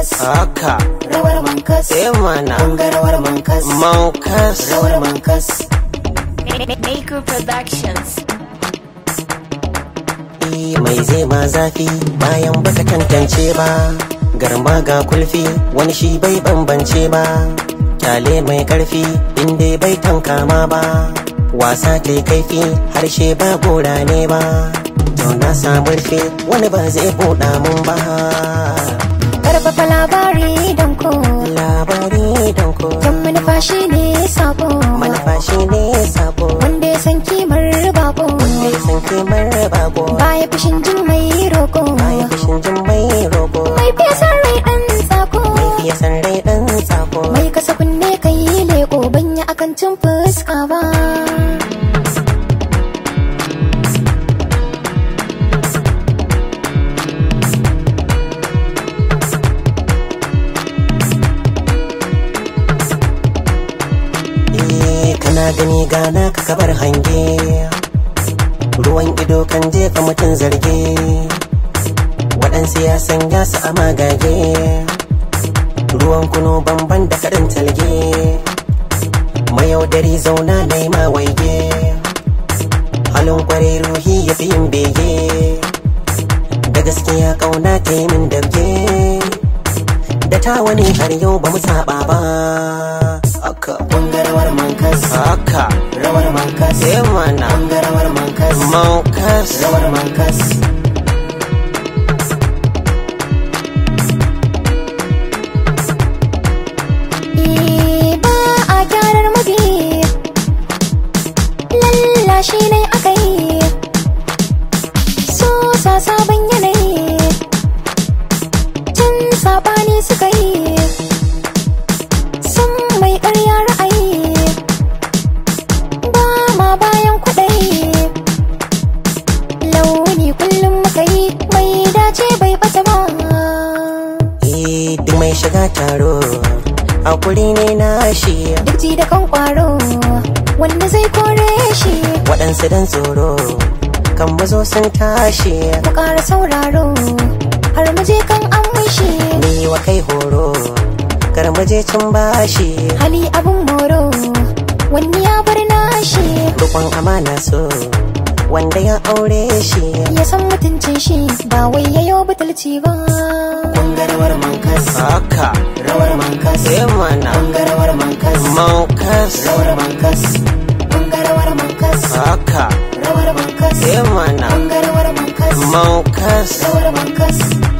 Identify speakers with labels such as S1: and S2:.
S1: mankas haka rawar mankas eh, mana rawar mankas mankas rawar mankas Maker Productions eh, mai zai ma zafi bayan baka tantance ba garma ga kulfi wani shi bai bambance ba kyale mai karfi inda bai tankama ba wasa ta kaifi harshe ba gora ne ba Yau na wani ba zai buɗa mun ba
S2: Fafa labari don ko. Labari don ko. Don manufashi ne sabo. Manufashi ne sabo. Wanda ya san kimar bako.
S1: Wanda ya san kimar bako. Baya fushin jin mai roko. Baya fushin jin mai roko. Mai fesan rai dan sako. Mai fesan rai dan sako. Mai kasafin ne
S2: kai leko banya akan cin fuska ba.
S1: gani gana ka kabar hange ruwan ido kan jefa mutum zarge waɗansu ya sanya su a magage ruwan kuno bamban da kaɗin talge mayaudari zauna na ma mawaige halin kwarai ruhi ya fi yin bege da gaskiya ƙauna ta yi min dabge da ta wani har yau ba mu saba ba haka bangarawar mankas Aka rawar mankas eh mana bangarawar mankas mankas rawar mankas eh,
S2: shi ne aka yi so sabon yanayi tun sabani suka Wani kullum muka yi bai dace bai bata ba
S1: E, duk mai shiga taro hakuri ne na shi duk ji da kan kwaro wanda zai kore shi waɗansu dan tsoro kan mazo sun tashi ku ƙara sauraro har muje kan an mushi ni wa kai horo kar maje cin bashi hali abun moro wani ya bar nashi rukun amana so
S2: wanda ya aure shi ya san mutuncin shi ba wai ya yayo butulci ba
S1: kungarawar mankas haka rawar mankas ya eh, mana kungarawar mankas mankas rawar mankas kungarawar mankas haka rawar mankas ya eh, mana kungarawar mankas mankas rawar mankas